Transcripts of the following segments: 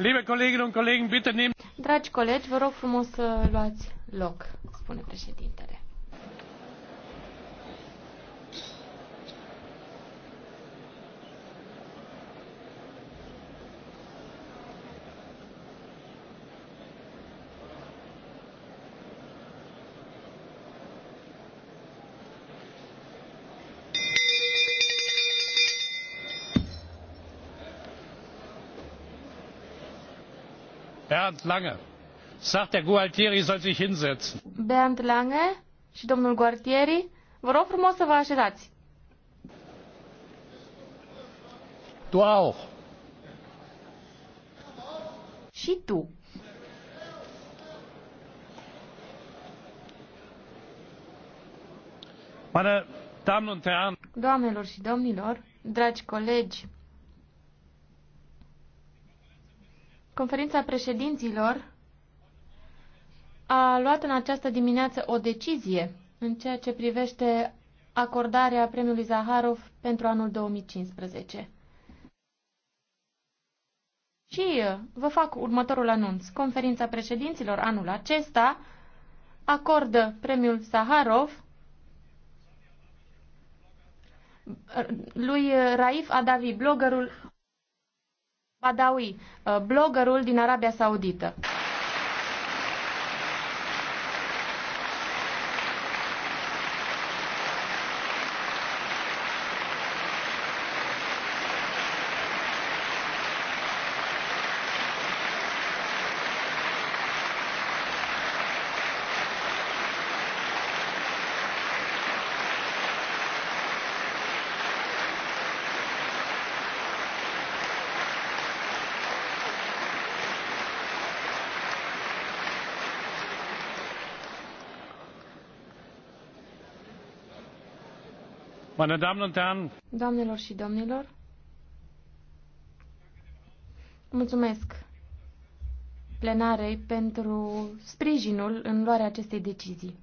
Liebe Kolleginnen und Kollegen, bitte nehmen... Dragi colegi, vă rog frumos să luați loc, spune președintele. Bernd Lange. Sagt der Gualtieri soll sich hinsetzen. Bernd Lange și domnul Gualtieri, vă rog frumos să vă așezați. Du auch. Și tu. Meine Damen und Herren. Doamnelor și domnilor, dragi colegi, Conferința președinților a luat în această dimineață o decizie în ceea ce privește acordarea premiului Zaharov pentru anul 2015. Și uh, vă fac următorul anunț. Conferința președinților anul acesta acordă premiul Zaharov lui Raif Adavi, bloggerul Badawi, uh, bloggerul din Arabia Saudită. Doamnelor și domnilor, mulțumesc plenarei pentru sprijinul în luarea acestei decizii.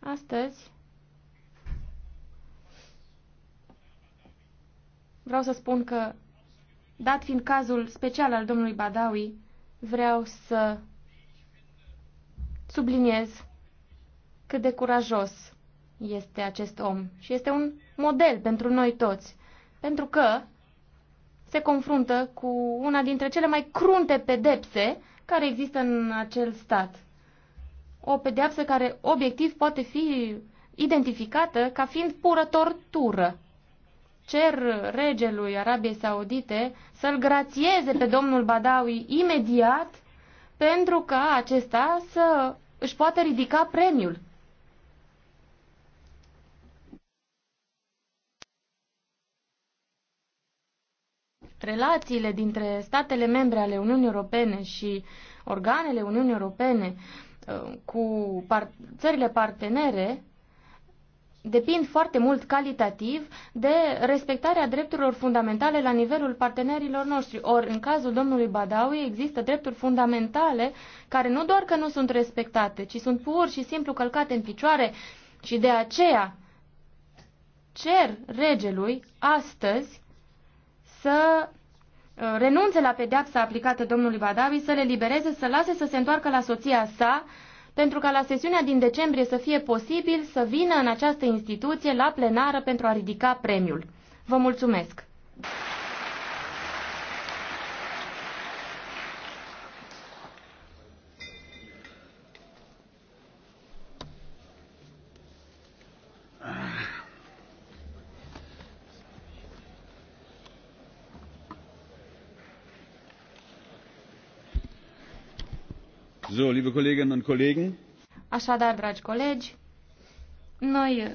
Astăzi vreau să spun că, dat fiind cazul special al domnului Badawi, vreau să subliniez cât de curajos este acest om și este un model pentru noi toți, pentru că se confruntă cu una dintre cele mai crunte pedepse care există în acel stat. O pedeapsă care obiectiv poate fi identificată ca fiind pură tortură. Cer regelui Arabiei Saudite să-l grațieze pe domnul Badawi imediat pentru ca acesta să își poată ridica premiul. relațiile dintre statele membre ale Uniunii Europene și organele Uniunii Europene uh, cu par- țările partenere depind foarte mult calitativ de respectarea drepturilor fundamentale la nivelul partenerilor noștri. Ori, în cazul domnului Badawi, există drepturi fundamentale care nu doar că nu sunt respectate, ci sunt pur și simplu călcate în picioare și de aceea cer regelui astăzi să uh, renunțe la pedeapsa aplicată domnului Badawi, să le libereze, să lase să se întoarcă la soția sa, pentru ca la sesiunea din decembrie să fie posibil să vină în această instituție la plenară pentru a ridica premiul. Vă mulțumesc! So, liebe Kolleginnen und Kollegen. Așadar, dragi colegi, noi eh,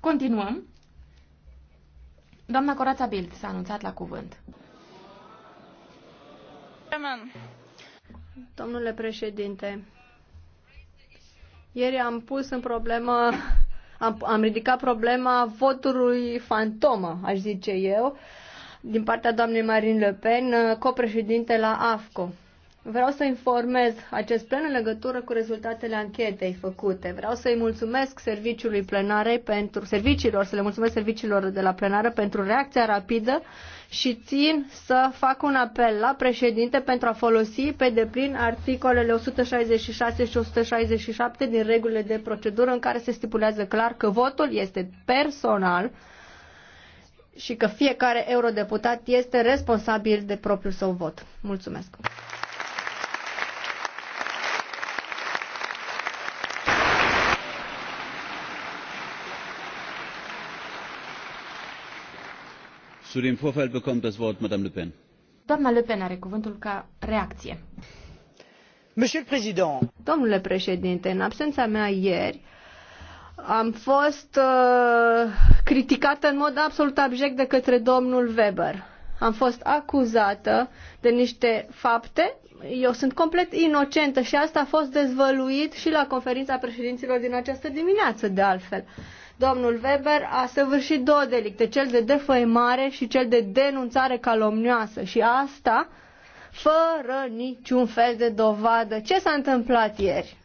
continuăm. Doamna Corața Bild s-a anunțat la cuvânt. Domnule președinte, ieri am pus în problemă, am, am ridicat problema votului fantomă, aș zice eu, din partea doamnei Marine Le Pen, eh, copreședinte la AFCO. Vreau să informez acest plen în legătură cu rezultatele anchetei făcute. Vreau să-i mulțumesc serviciului plenarei pentru serviciilor, să le mulțumesc serviciilor de la plenară pentru reacția rapidă și țin să fac un apel la președinte pentru a folosi pe deplin articolele 166 și 167 din regulile de procedură în care se stipulează clar că votul este personal și că fiecare eurodeputat este responsabil de propriul său vot. Mulțumesc! Zu dem Vorfall bekommt das Wort Madame Le Pen. Doamna Le Pen are cuvântul ca reacție. Domnule președinte, în absența mea ieri, am fost uh, criticată în mod absolut abject de către domnul Weber. Am fost acuzată de niște fapte. Eu sunt complet inocentă și asta a fost dezvăluit și la conferința președinților din această dimineață, de altfel. Uh, Domnul Weber a săvârșit două delicte, cel de defăimare și cel de denunțare calomnioasă și asta fără niciun fel de dovadă. Ce s-a întâmplat ieri?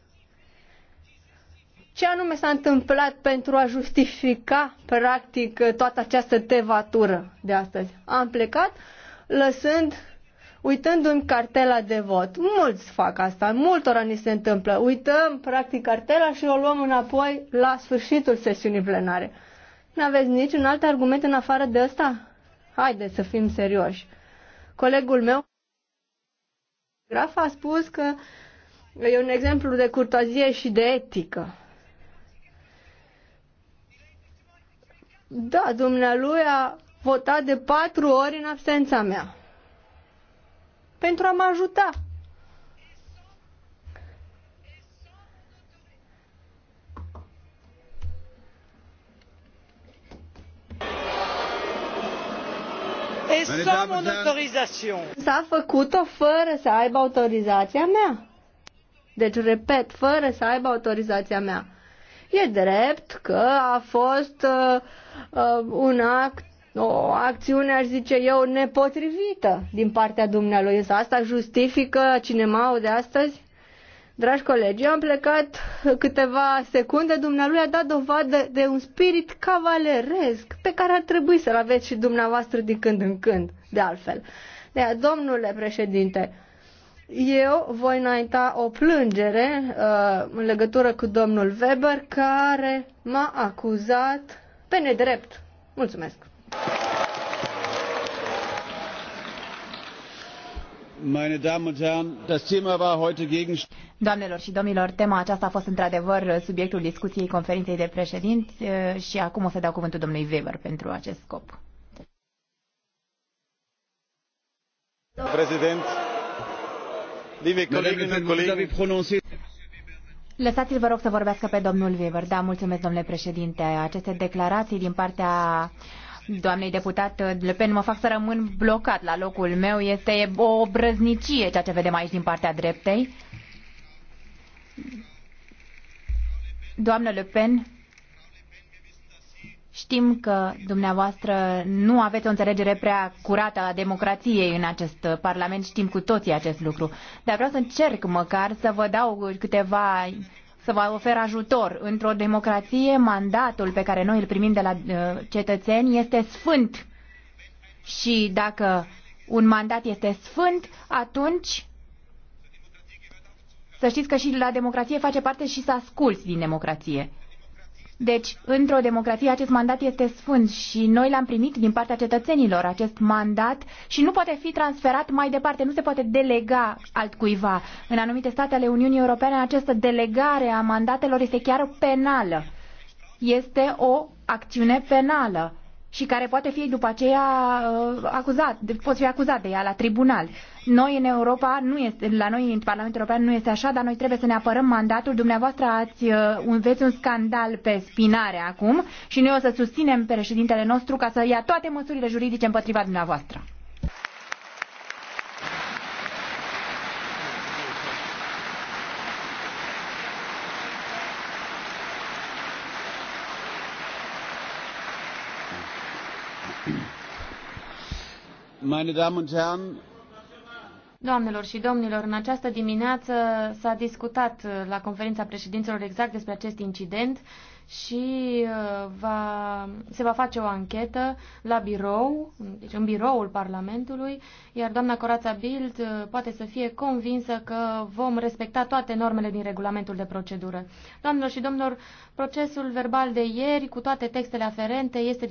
Ce anume s-a întâmplat pentru a justifica, practic, toată această tevatură de astăzi? Am plecat lăsând uitându-mi cartela de vot. Mulți fac asta, multora ni se întâmplă. Uităm, practic, cartela și o luăm înapoi la sfârșitul sesiunii plenare. Nu aveți niciun alt argument în afară de ăsta? Haideți să fim serioși. Colegul meu, Graf, a spus că e un exemplu de curtoazie și de etică. Da, dumnealui a votat de patru ori în absența mea pentru a mă ajuta. S-a făcut-o fără să aibă autorizația mea. Deci, repet, fără să aibă autorizația mea. E drept că a fost uh, uh, un act o acțiune, aș zice eu, nepotrivită din partea dumnealui. Asta justifică cinemaul de astăzi? Dragi colegi, eu am plecat câteva secunde, dumnealui a dat dovadă de un spirit cavaleresc pe care ar trebui să-l aveți și dumneavoastră din când în când, de altfel. De aia, domnule președinte, eu voi înainta o plângere uh, în legătură cu domnul Weber care m-a acuzat pe nedrept. Mulțumesc! Doamnelor și domnilor, tema aceasta a fost într-adevăr subiectul discuției conferinței de președinți eh, și acum o să dau cuvântul domnului Weber pentru acest scop. Prezident, liebe Kolleginnen und Lăsați-l, vă rog, să vorbească pe domnul Weber. Da, mulțumesc, domnule președinte. Aceste declarații din partea doamnei deputat eh, Le Pen mă fac să rămân blocat la locul meu. Este o brăznicie ceea ce vedem aici din partea dreptei. Doamnă Le Pen, știm că dumneavoastră nu aveți o înțelegere prea curată a democrației în acest Parlament, știm cu toții acest lucru, dar vreau să încerc măcar să vă dau câteva să vă ofer ajutor. Într-o democrație, mandatul pe care noi îl primim de la uh, cetățeni este sfânt. Și dacă un mandat este sfânt, atunci să știți că și la democrație face parte și să asculți din democrație. Deci, într-o democrație, acest mandat este sfânt și noi l-am primit din partea cetățenilor, acest mandat, și nu poate fi transferat mai departe, nu se poate delega altcuiva. În anumite state ale Uniunii Europene, această delegare a mandatelor este chiar penală. Este o acțiune penală și care poate fi după aceea uh, acuzat, poți fi acuzat de ea la tribunal. Noi în Europa, nu este, la noi în Parlamentul European nu este așa, dar noi trebuie să ne apărăm mandatul. Dumneavoastră ați uh, înveți un scandal pe spinare acum și noi o să susținem președintele nostru ca să ia toate măsurile juridice împotriva dumneavoastră. Doamnelor și domnilor, în această dimineață s-a discutat uh, la conferința președinților exact despre acest incident și uh, va, se va face o anchetă la birou, deci în biroul Parlamentului, iar doamna Corața Bild uh, poate să fie convinsă că vom respecta toate normele din regulamentul de procedură. Doamnelor și domnilor, procesul verbal de ieri cu toate textele aferente este